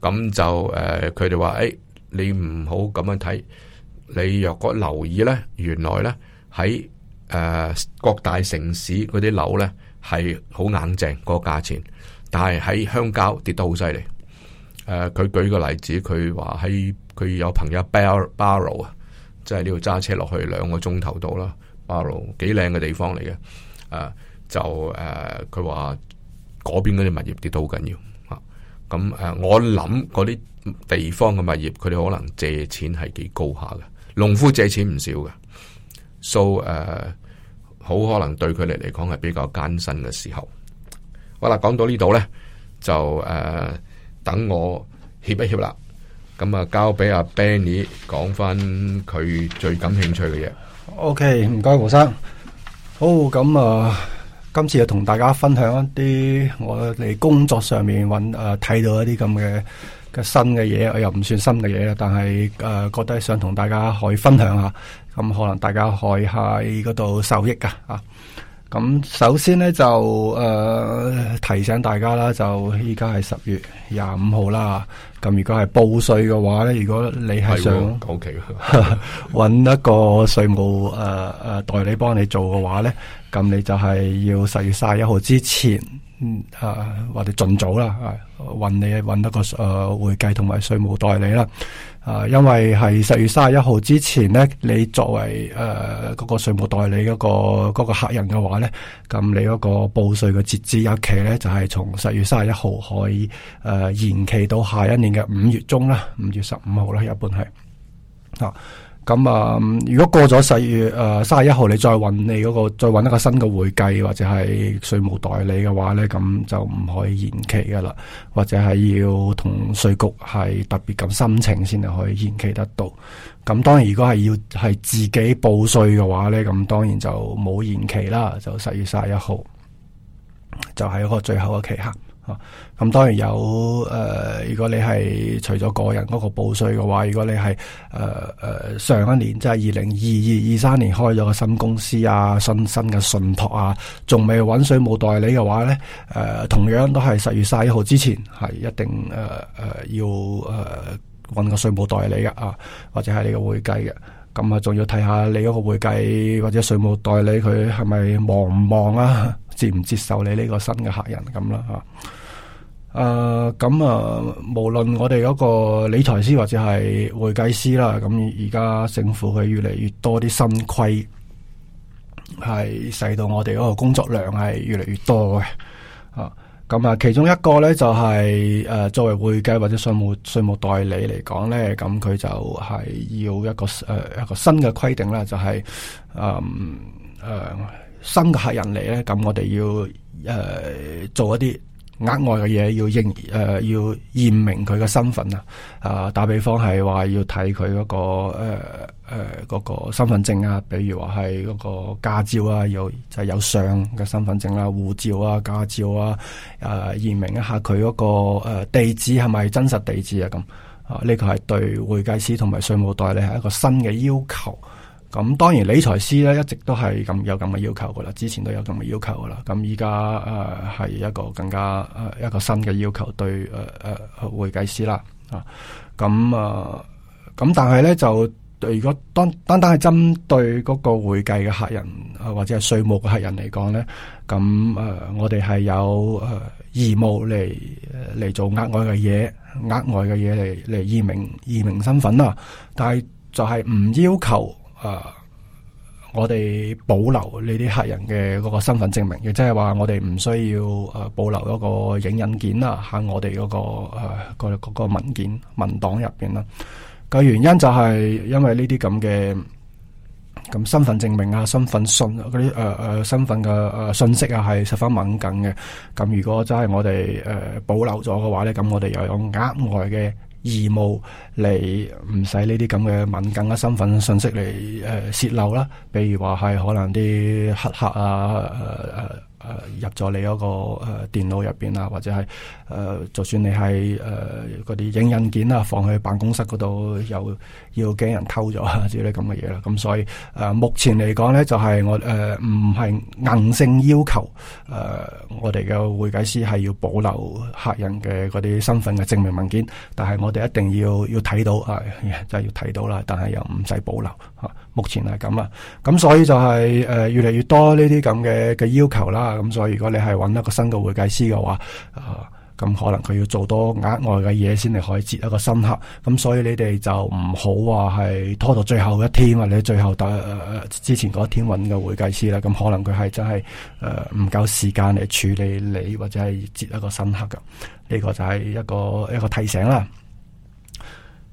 咁就誒，佢哋話誒，你唔好咁樣睇。你若果留意咧，原來咧喺誒各大城市嗰啲樓咧。係好硬淨個價錢，但係喺鄉郊跌得好犀利。誒、呃，佢舉個例子，佢話喺佢有朋友 Barrow 即係呢度揸車落去兩個鐘頭到啦。Barrow 幾靚嘅地方嚟嘅，誒、呃，就誒，佢話嗰邊嗰啲物業跌得好緊要啊。咁、呃、誒，我諗嗰啲地方嘅物業，佢哋可能借錢係幾高下嘅，農夫借錢唔少嘅。So 誒、呃。好可能對佢哋嚟講係比較艱辛嘅時候好，好啦，講到呢度咧，就誒、呃、等我歇一歇啦，咁啊交俾阿 Benny 講翻佢最感興趣嘅嘢。OK，唔該，胡生，好咁啊、呃，今次就同大家分享一啲我哋工作上面揾誒睇到一啲咁嘅。新嘅嘢，我又唔算新嘅嘢，但係誒、呃、覺得想同大家可以分享下，咁可能大家可以喺嗰度受益噶啊！咁、啊、首先呢，就誒、呃、提醒大家啦，就依家係十月廿五號啦。咁如果係報稅嘅話咧，如果你係想，O K，搵一個稅務誒誒、呃呃、代理幫你做嘅話咧，咁你就係要十月卅一號之前。嗯、啊，啊，或者盡早啦，啊，揾你揾一個誒、呃、會計同埋稅務代理啦，啊，因為係十月三十一號之前咧，你作為誒嗰、呃嗰個稅務代理嗰、嗰個、嗰個客人嘅話咧，咁你嗰個報稅嘅截止日期咧就係從十月三十一號可以誒、呃、延期到下一年嘅五月中啦，五月十五號啦，一般係啊。咁啊、嗯，如果過咗十月誒三十一號，呃、你再揾你嗰、那個，再揾一個新嘅會計或者係稅務代理嘅話咧，咁就唔可以延期噶啦，或者係要同稅局係特別咁申請先係可以延期得到。咁當然，如果係要係自己報稅嘅話咧，咁當然就冇延期啦，就十月三十一號。就係一個最後嘅期限，咁、啊、當然有。誒、呃，如果你係除咗個人嗰個報稅嘅話，如果你係誒誒上一年即係二零二二二三年開咗個新公司啊、新新嘅信託啊，仲未揾稅務代理嘅話咧，誒、呃、同樣都係十月卅一號之前係一定誒誒要誒揾、呃呃、個稅務代理嘅啊，或者係你嘅會計嘅。咁啊，仲要睇下你嗰個會計或者稅務代理佢係咪忙唔忙啊？接唔接受你呢個新嘅客人咁啦吓？誒，咁啊，啊，無論我哋嗰個理財師或者係會計師啦，咁而家政府佢越嚟越多啲新規，係使到我哋嗰個工作量係越嚟越多嘅。啊，咁啊，其中一個咧就係、是、誒、啊，作為會計或者稅務稅務代理嚟講咧，咁、啊、佢就係要一個誒、呃、一個新嘅規定啦，就係、是、嗯誒。啊新嘅客人嚟咧，咁我哋要誒、呃、做一啲額外嘅嘢，要認誒、呃、要驗明佢嘅身份啊！啊、呃，打比方係話要睇佢嗰個誒誒、呃呃嗰個身份證啊，比如話係嗰個駕照啊，有就係、是、有相嘅身份證啦、護照啊、駕照啊，誒、呃、驗明一下佢嗰個誒地址係咪真實地址啊？咁啊，呢個係對會計師同埋稅務代理係一個新嘅要求。咁當然，理財師咧一直都係咁有咁嘅要求噶啦，之前都有咁嘅要求噶啦。咁依家誒係一個更加誒一個新嘅要求對誒誒會計師啦啊。咁啊咁，但係咧就如果單單單係針對嗰個會計嘅客人或者係稅務嘅客人嚟講咧，咁、啊、誒我哋係有誒義務嚟嚟做額外嘅嘢，額外嘅嘢嚟嚟驗明驗明身份啊。但係就係唔要求。誒，uh, 我哋保留呢啲客人嘅嗰個身份證明，亦即係話我哋唔需要誒、uh, 保留嗰個影印件啦，那個，喺我哋嗰個誒個、那個文件文檔入邊啦。個原因就係因為呢啲咁嘅咁身份證明啊、身份信嗰啲誒誒身份嘅誒信息啊，係十分敏感嘅。咁如果真係我哋誒、uh, 保留咗嘅話咧，咁我哋又有額外嘅。義務嚟唔使呢啲咁嘅敏感嘅身份信息嚟誒洩漏啦，比如話係可能啲黑客啊。呃呃誒，入咗你嗰個誒電腦入邊啦，或者係誒、呃，就算你係誒嗰啲影印件啦，放喺辦公室嗰度又要驚人偷咗啊，之類咁嘅嘢啦。咁所以誒、呃，目前嚟講咧，就係我誒唔係硬性要求誒、呃，我哋嘅會計師係要保留客人嘅嗰啲身份嘅證明文件，但係我哋一定要要睇到，哎，就係要睇到啊，就係要睇到啦。但係又唔使保留吓。目前係咁啊，咁所以就係、是、誒、呃、越嚟越多呢啲咁嘅嘅要求啦，咁所以如果你係揾一個新嘅會計師嘅話，啊、呃、咁可能佢要做多額外嘅嘢先至可以接一個新客，咁所以你哋就唔好話係拖到最後一天或者最後第誒誒之前嗰一天揾嘅會計師啦，咁可能佢係真係誒唔夠時間嚟處理你或者係接一個新客嘅，呢、這個就係一個一個提醒啦。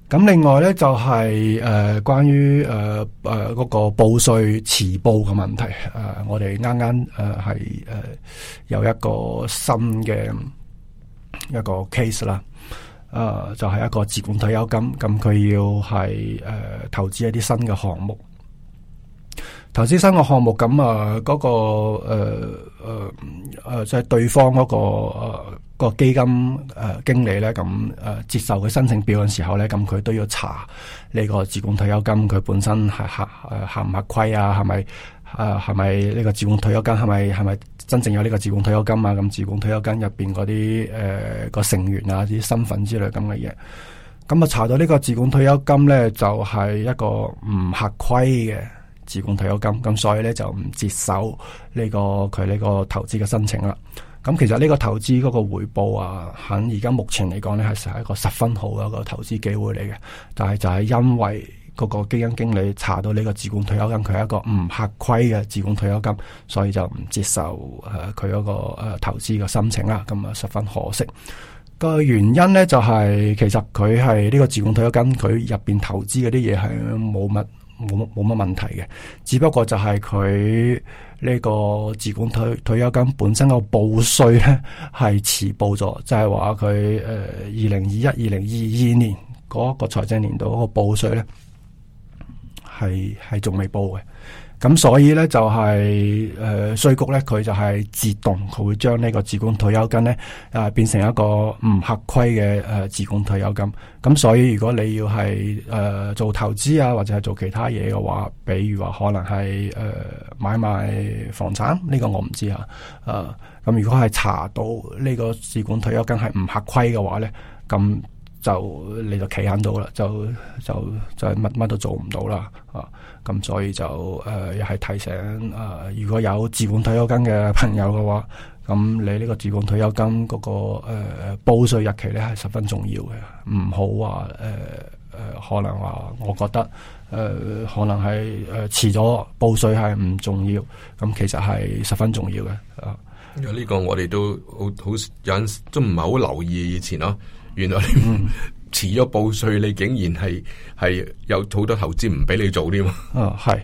咁另外咧，就係、是、誒、呃、關於誒誒嗰個報稅遲報嘅問題誒、呃、我哋啱啱誒係誒有一個新嘅一個 case 啦、呃、誒就係、是、一個自管退休金，咁佢、呃、要係誒、呃、投資一啲新嘅項目，投資新嘅項目，咁啊嗰個誒誒誒即係對方嗰、那個。呃個基金誒、呃、經理咧咁誒接受佢申請表嘅時候咧，咁、嗯、佢都要查呢個自管退休金佢本身係合誒合唔合規啊？係咪誒係咪呢個自管退休金係咪係咪真正有呢個自管退休金啊？咁、嗯、自管退休金入邊嗰啲誒個成員啊、啲身份之類咁嘅嘢，咁、嗯、啊查到呢個自管退休金咧就係、是、一個唔合規嘅自管退休金，咁、嗯、所以咧就唔接受呢、這個佢呢、這個、個投資嘅申請啦。咁其實呢個投資嗰個回報啊，喺而家目前嚟講呢，係實係一個十分好嘅一個投資機會嚟嘅。但係就係因為嗰個基金經理查到呢個自管退休金，佢係一個唔合規嘅自管退休金，所以就唔接受誒佢嗰個誒、呃、投資嘅申請啦。咁啊十分可惜。個原因呢，就係、是、其實佢係呢個自管退休金，佢入邊投資嗰啲嘢係冇乜冇冇乜問題嘅，只不過就係佢。呢個自管退退休金本身個報稅咧，係遲報咗，就係話佢誒二零二一、二零二二年嗰個財政年度嗰個報稅咧，係係仲未報嘅。咁、嗯、所以咧就係誒稅局咧佢就係自動，佢會將呢個自管退休金咧誒變成一個唔合規嘅誒自管退休金。咁、嗯、所以如果你要係誒、呃、做投資啊或者係做其他嘢嘅話，比如話可能係誒、呃、買賣房產呢、呢個我唔知啊誒咁、呃嗯、如果係查到呢個自管退休金係唔合規嘅話咧咁。嗯就你就企喺度啦，就就就乜乜都做唔到啦，啊！咁所以就誒，又、呃、係提醒誒、呃，如果有自管退休金嘅朋友嘅話，咁你呢個自管退休金嗰、那個誒、呃、報稅日期咧係十分重要嘅，唔好話誒誒，可能話我覺得誒、呃，可能係誒遲咗報稅係唔重要，咁其實係十分重要嘅啊！呢、嗯、個我哋都好好有陣時都唔係好留意以前咯、啊。原來你遲咗報稅，你竟然係係有好多投資唔俾你做添啊、嗯！係，誒、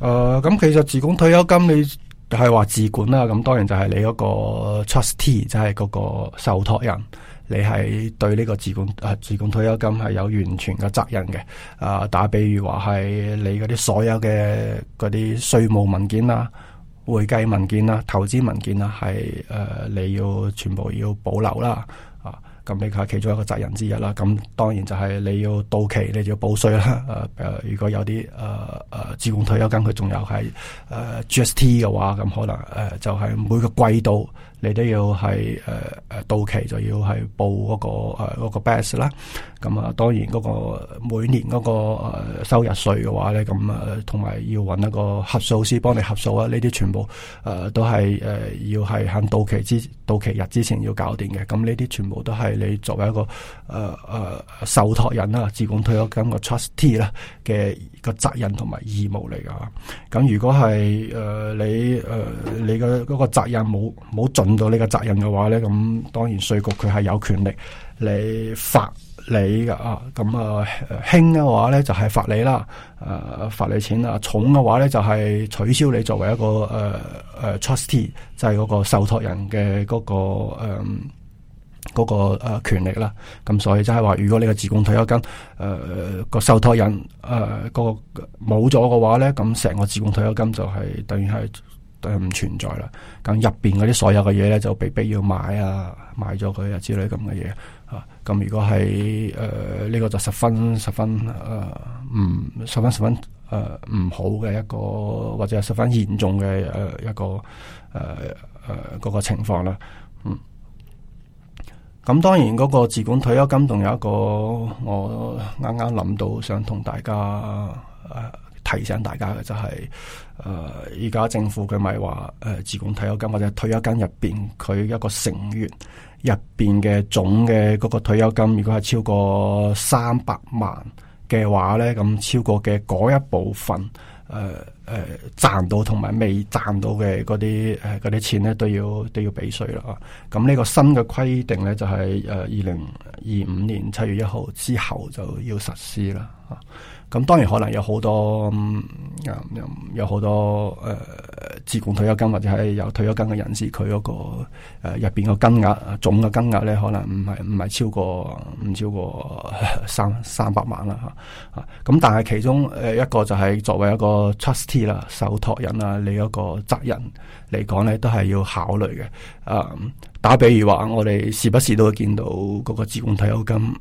呃，咁其實自管退休金你係話自管啦，咁當然就係你嗰個 trustee，就係嗰個受託人，你係對呢個自管誒、呃、自管退休金係有完全嘅責任嘅。誒、呃，打比如話係你嗰啲所有嘅嗰啲稅務文件啦、會計文件啦、投資文件啦，係誒、呃、你要全部要保留啦。咁佢係其中一個責任之一啦，咁、嗯、當然就係你要到期，你就要補稅啦。誒、呃、誒，如果有啲誒誒，自雇退休金佢仲有係誒、呃、GST 嘅話，咁、嗯、可能誒、呃、就係、是、每個季度。你都要係誒誒到期就要係報、嗰個誒、呃、嗰個 base 啦、啊，咁啊當然個每年、嗰個誒、呃、收入稅嘅話咧，咁啊同埋要揾一個核數師幫你核數啊，呢啲全部誒、呃、都係誒、呃、要係喺、呃、到期之到期日之前要搞掂嘅，咁呢啲全部都係你作為一個誒誒、呃呃、受託人啦、自管退休金個 trustee 啦嘅個責任同埋義務嚟㗎。咁如果係誒你誒你嘅個責任冇冇盡唔到呢個責任嘅話咧，咁當然稅局佢係有權力嚟，你罰你噶啊，咁啊輕嘅話咧就係、是、罰你啦，誒、啊、罰你錢啦，重嘅話咧就係、是、取消你作為一個誒誒、啊啊、trustee，就係嗰個受託人嘅嗰、那個誒嗰、啊嗯那個誒權力啦。咁所以就係話，如果你個自管退休金誒、啊啊那個受託人誒個冇咗嘅話咧，咁成個自管退休金就係等於係。都唔存在啦，咁入邊嗰啲所有嘅嘢咧，就被逼要買啊，買咗佢啊之類咁嘅嘢啊，咁如果係誒呢個就十分十分誒唔、呃、十分十分誒唔、呃、好嘅一個，或者係十分嚴重嘅誒一個誒誒嗰個情況啦，嗯。咁當然嗰個自管退休金仲有一個，我啱啱諗到想同大家誒、呃、提醒大家嘅就係、是。誒，而家、呃、政府佢咪話誒，自管退休金或者退休金入邊佢一個成員入邊嘅總嘅嗰個退休金，如果係超過三百萬嘅話咧，咁、嗯、超過嘅嗰一部分，誒誒賺到同埋未賺到嘅嗰啲誒嗰啲錢咧，都要都要俾稅啦。咁、啊、呢、嗯，這個新嘅規定咧，就係誒二零二五年七月一號之後就要實施啦。啊咁當然可能有好多，嗯、有好多誒、呃、自管退休金或者係有退休金嘅人士，佢嗰、嗰個入邊個金額總嘅金額咧，可能唔係唔係超過唔超過三三百萬啦嚇。咁、啊、但係其中誒一個就係作為一個 trustee 啦、啊、受託人啦、啊，你一個責任嚟講咧，都係要考慮嘅。誒、啊，打比如話，我哋時不時都會見到嗰個自管退休金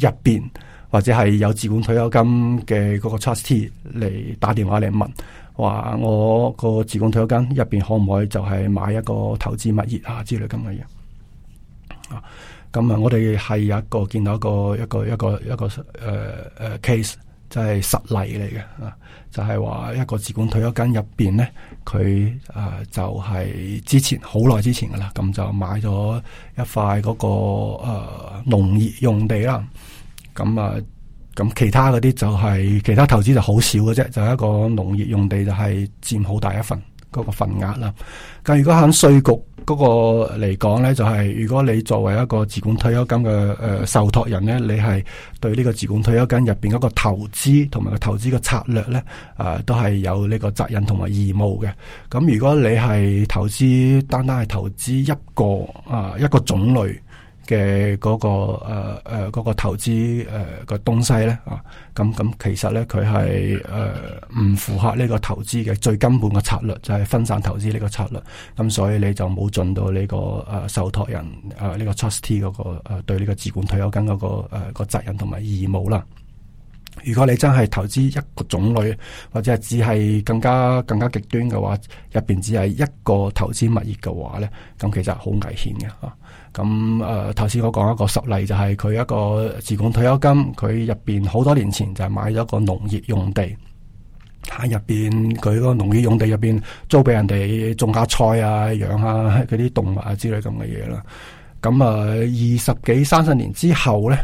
入邊。 [COUGHS] 或者係有自管退休金嘅嗰個 trustee 嚟打電話嚟問，話我個自管退休金入邊可唔可以就係買一個投資物業啊之類咁嘅嘢？啊，咁啊，我哋係有一個見到一個一個一個一個誒誒 case，即係實例嚟嘅啊，就係話一個自管退休金入邊咧，佢啊、呃、就係之前好耐之前啦，咁就買咗一塊嗰個誒農業用地啦。咁啊，咁、嗯、其他嗰啲就係、是、其他投資就好少嘅啫，就係一個農業用地就係佔好大一份嗰、那個份額啦。咁如果喺稅局嗰個嚟講咧，就係、是、如果你作為一個自管退休金嘅誒、呃、受託人咧，你係對呢個自管退休金入邊一個投資同埋個投資嘅策略咧，誒、呃、都係有呢個責任同埋義務嘅。咁、嗯、如果你係投資，單單係投資一個啊、呃、一個種類。嘅嗰、那個誒誒、呃那個投資誒個東西咧啊，咁咁其實咧佢係誒唔符合呢個投資嘅最根本嘅策略，就係、是、分散投資呢個策略。咁、嗯、所以你就冇盡到呢、這個誒、呃、受託人誒呢、呃這個 trustee 嗰、那個誒、呃、對呢個自管退休金嗰、那個誒個、呃、責任同埋義務啦。如果你真係投資一個種類，或者係只係更加更加極端嘅話，入邊只係一個投資物業嘅話咧，咁其實好危險嘅吓。咁、啊、誒，頭、啊、先我講一個實例、就是，就係佢一個自管退休金，佢入邊好多年前就買咗個農業用地，喺入邊佢個農業用地入邊租俾人哋種下菜啊、養下嗰啲動物啊之類咁嘅嘢啦。咁啊，二十幾三十年之後咧。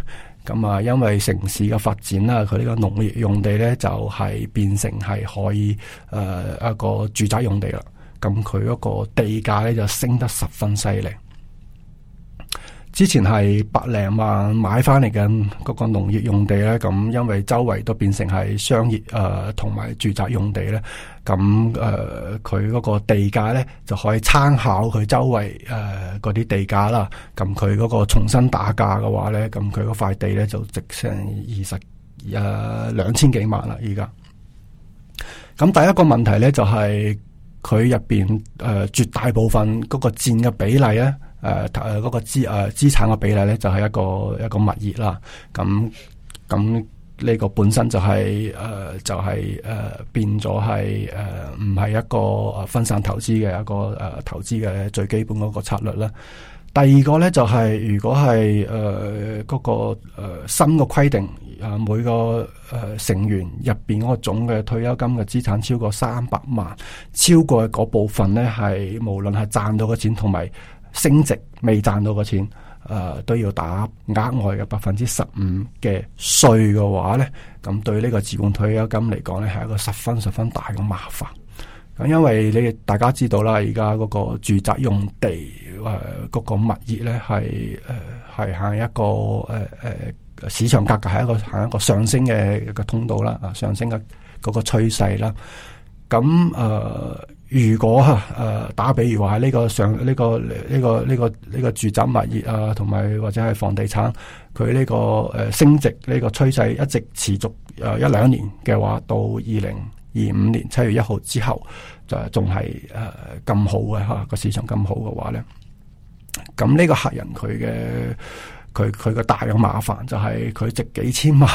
咁啊、嗯，因為城市嘅發展啦，佢呢個農業用地咧就係變成係可以誒、呃、一個住宅用地啦。咁佢嗰個地價咧就升得十分犀利。之前係百零萬買翻嚟嘅嗰個農業用地咧，咁、嗯嗯、因為周圍都變成係商業誒同埋住宅用地咧。咁誒，佢嗰、嗯呃、個地價咧，就可以參考佢周圍誒嗰啲地價啦。咁佢嗰個重新打價嘅話咧，咁佢嗰塊地咧就值成二十誒兩千幾萬啦。而家，咁、嗯、第一個問題咧就係佢入邊誒絕大部分嗰個佔嘅比例咧，誒誒嗰個資誒、呃、資產嘅比例咧，就係、是、一個一個物業啦。咁、嗯、咁。嗯呢個本身就係、是、誒、呃，就係、是、誒、呃、變咗係誒，唔、呃、係一個分散投資嘅一個誒、呃、投資嘅最基本嗰個策略啦。第二個咧就係、是，如果係誒嗰個、呃、新嘅規定，啊、呃、每個誒、呃、成員入邊嗰個總嘅退休金嘅資產超過三百萬，超過嗰部分咧係無論係賺到嘅錢同埋升值未賺到嘅錢。誒、呃、都要打額外嘅百分之十五嘅稅嘅話咧，咁對呢個自管退休金嚟講咧，係一個十分十分大嘅麻煩。咁因為你大家知道啦，而家嗰個住宅用地誒，嗰、呃嗰個物業咧係誒係行一個誒誒、呃、市場價格係一個行一個上升嘅一個通道啦，啊上升嘅嗰個趨勢啦，咁誒。呃如果嚇誒、呃、打比如話呢個上呢、呢個呢、呢個呢、呢個呢、呢個呢個住宅物業啊，同埋或者係房地產，佢呢、呢個誒、呃、升值呢個趨勢一直持續誒、呃、一兩年嘅話，到二零二五年七月一號之後就仲係誒咁好嘅嚇個市場咁好嘅話咧，咁呢個客人佢嘅佢佢個大量麻煩就係佢值幾千萬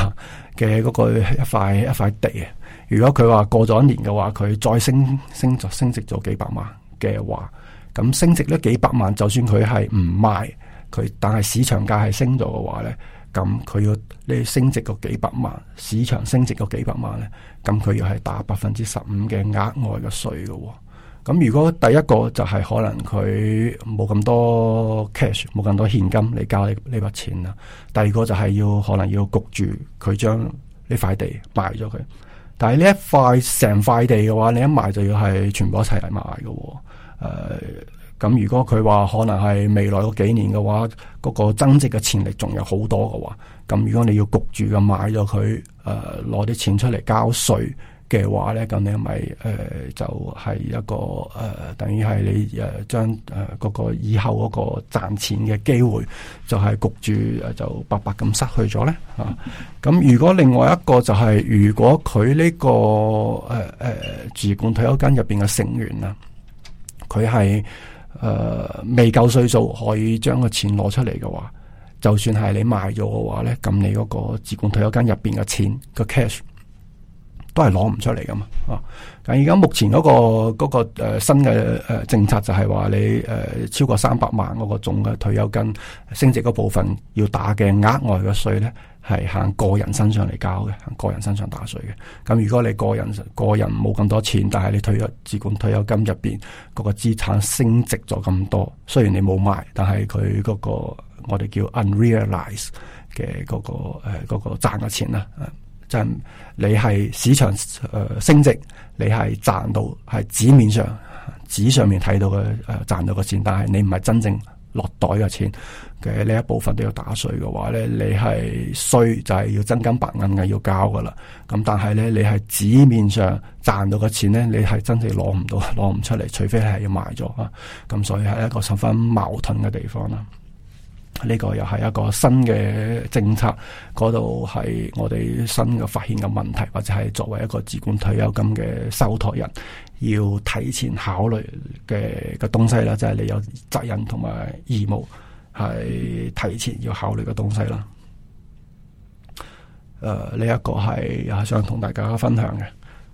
嘅嗰個一塊一塊地啊！如果佢話過咗一年嘅話，佢再升升就升值咗幾百萬嘅話，咁升值呢幾百萬，就算佢係唔賣佢，但係市場價係升咗嘅話呢，咁佢要你升值個幾百萬，市場升值個幾百萬呢，咁佢要係打百分之十五嘅額外嘅稅嘅。咁如果第一個就係可能佢冇咁多 cash，冇咁多現金，嚟，交呢呢筆錢啦。第二個就係要可能要焗住佢將呢塊地賣咗佢。但係呢一塊成塊地嘅話，你一賣就要係全部一齊嚟賣嘅、哦。誒、呃，咁如果佢話可能係未來嗰幾年嘅話，嗰、那個增值嘅潛力仲有好多嘅話，咁如果你要焗住咁買咗佢，誒、呃，攞啲錢出嚟交稅。嘅話咧，咁你係咪誒、呃、就係、是、一個誒、呃，等於係你誒、呃、將誒嗰個以後嗰個賺錢嘅機會，就係焗住誒就白白咁失去咗咧嚇。咁、啊、如果另外一個就係、是，如果佢呢、這個誒誒、呃呃、自管退休金入邊嘅成員啊，佢係誒未夠歲數可以將個錢攞出嚟嘅話，就算係你賣咗嘅話咧，咁你嗰個自管退休金入邊嘅錢嘅 cash。都係攞唔出嚟噶嘛，哦、啊！但而家目前嗰、那個、那個誒、呃、新嘅誒、呃、政策就係話你誒、呃、超過三百萬嗰個總嘅退休金升值嗰部分要打嘅額外嘅稅咧，係向個人身上嚟交嘅，向個人身上打稅嘅。咁如果你個人個人冇咁多錢，但係你退休自管退休金入邊嗰個資產升值咗咁多，雖然你冇賣，但係佢嗰個我哋叫 unrealized、那、嘅嗰個誒、呃那個賺嘅錢啦。啊就係你係市場誒、呃、升值，你係賺到係紙面上、紙上面睇到嘅誒、呃、賺到嘅錢，但係你唔係真正落袋嘅錢嘅呢一部分都要打稅嘅話咧，你係衰，就係要真金白銀嘅要交噶啦。咁但係咧，你係紙面上賺到嘅錢咧，你係真正攞唔到、攞唔出嚟，除非係要賣咗啊。咁所以係一個十分矛盾嘅地方啦。呢個又係一個新嘅政策，嗰度係我哋新嘅發現嘅問題，或者係作為一個自管退休金嘅受託人，要提前考慮嘅嘅東西啦，即係你有責任同埋義務，係提前要考慮嘅東西啦。誒、呃，呢、這、一個係又想同大家分享嘅。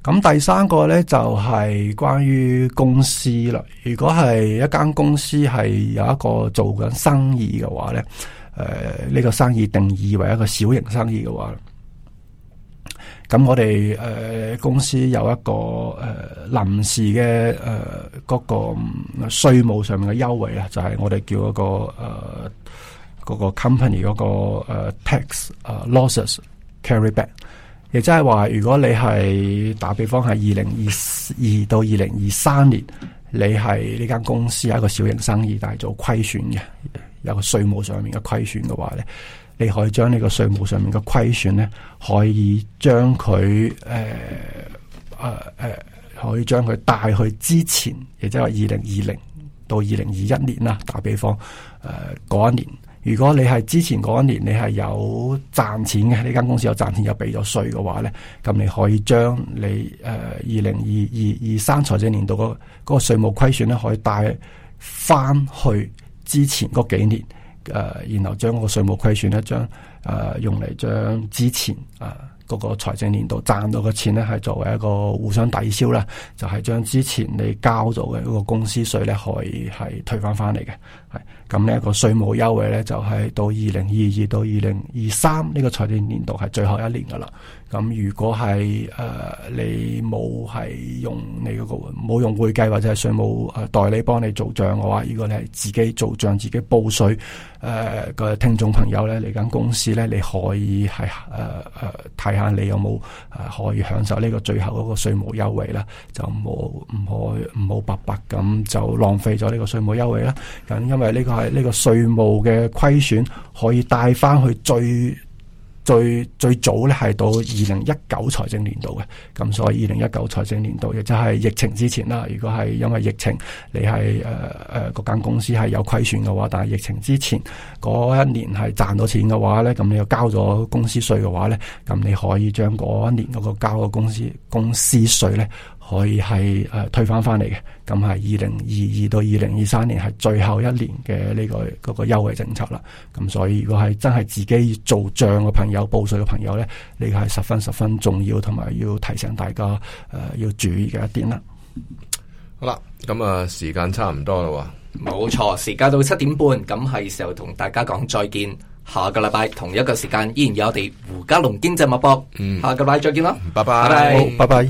咁第三個咧就係關於公司啦。如果係一間公司係有一個做緊生意嘅話咧，誒呢個生意定義為一個小型生意嘅話，咁我哋誒公司有一個誒臨時嘅誒嗰個稅務上面嘅優惠啊，就係我哋叫嗰個誒嗰個 company 嗰個誒 tax losses carry back。亦即係話，如果你係打比方係二零二二到二零二三年，你係呢間公司一個小型生意，但係做虧損嘅，有個稅務上面嘅虧損嘅話咧，你可以將呢個稅務上面嘅虧損咧，可以將佢誒誒誒，可以將佢帶去之前，亦即係話二零二零到二零二一年啦，打比方誒嗰、呃、一年。如果你係之前嗰一年你係有賺錢嘅，呢間公司有賺錢有俾咗稅嘅話咧，咁你可以將你誒二零二二二三財政年度個嗰、嗰個稅務虧損咧，可以帶翻去之前嗰幾年誒、呃，然後將個稅務虧損咧，將誒、呃、用嚟將之前啊。嗰個財政年度賺到嘅錢咧，係作為一個互相抵消啦，就係、是、將之前你交咗嘅嗰個公司稅咧，可以係退翻翻嚟嘅。咁呢一個稅務優惠咧，就係、是、到二零二二到二零二三呢個財政年度係最後一年噶啦。咁如果係誒、呃、你冇係用你嗰個冇用會計或者係稅務誒代理幫你做賬嘅話，如果你係自己做賬自己報稅誒個聽眾朋友咧，嚟間公司咧，你可以係誒誒睇下。呃呃看看你有冇誒可以享受呢個最後嗰個稅務優惠啦，就冇唔可唔好白白咁就浪費咗呢個稅務優惠啦。咁因為呢個係呢個稅務嘅虧損，可以帶翻去最最最早咧，係到二零一九財政年度嘅，咁所以二零一九財政年度亦即係疫情之前啦。如果係因為疫情，你係誒誒嗰間公司係有虧損嘅話，但係疫情之前嗰一年係賺到錢嘅話咧，咁你又交咗公司稅嘅話咧，咁你可以將嗰一年嗰個交嘅公司公司稅咧。可以係誒推翻翻嚟嘅，咁係二零二二到二零二三年係最後一年嘅呢個嗰個優惠政策啦。咁所以如果係真係自己做賬嘅朋友，報稅嘅朋友呢，呢個係十分十分重要，同埋要提醒大家誒、呃、要注意嘅一點啦。好啦，咁啊時間差唔多啦，冇錯，時間到七點半，咁係時候同大家講再見。下個禮拜同一個時間，依然有我哋胡嘉龍經濟脈搏。嗯、下個禮拜再見啦，拜拜，拜拜好，拜拜。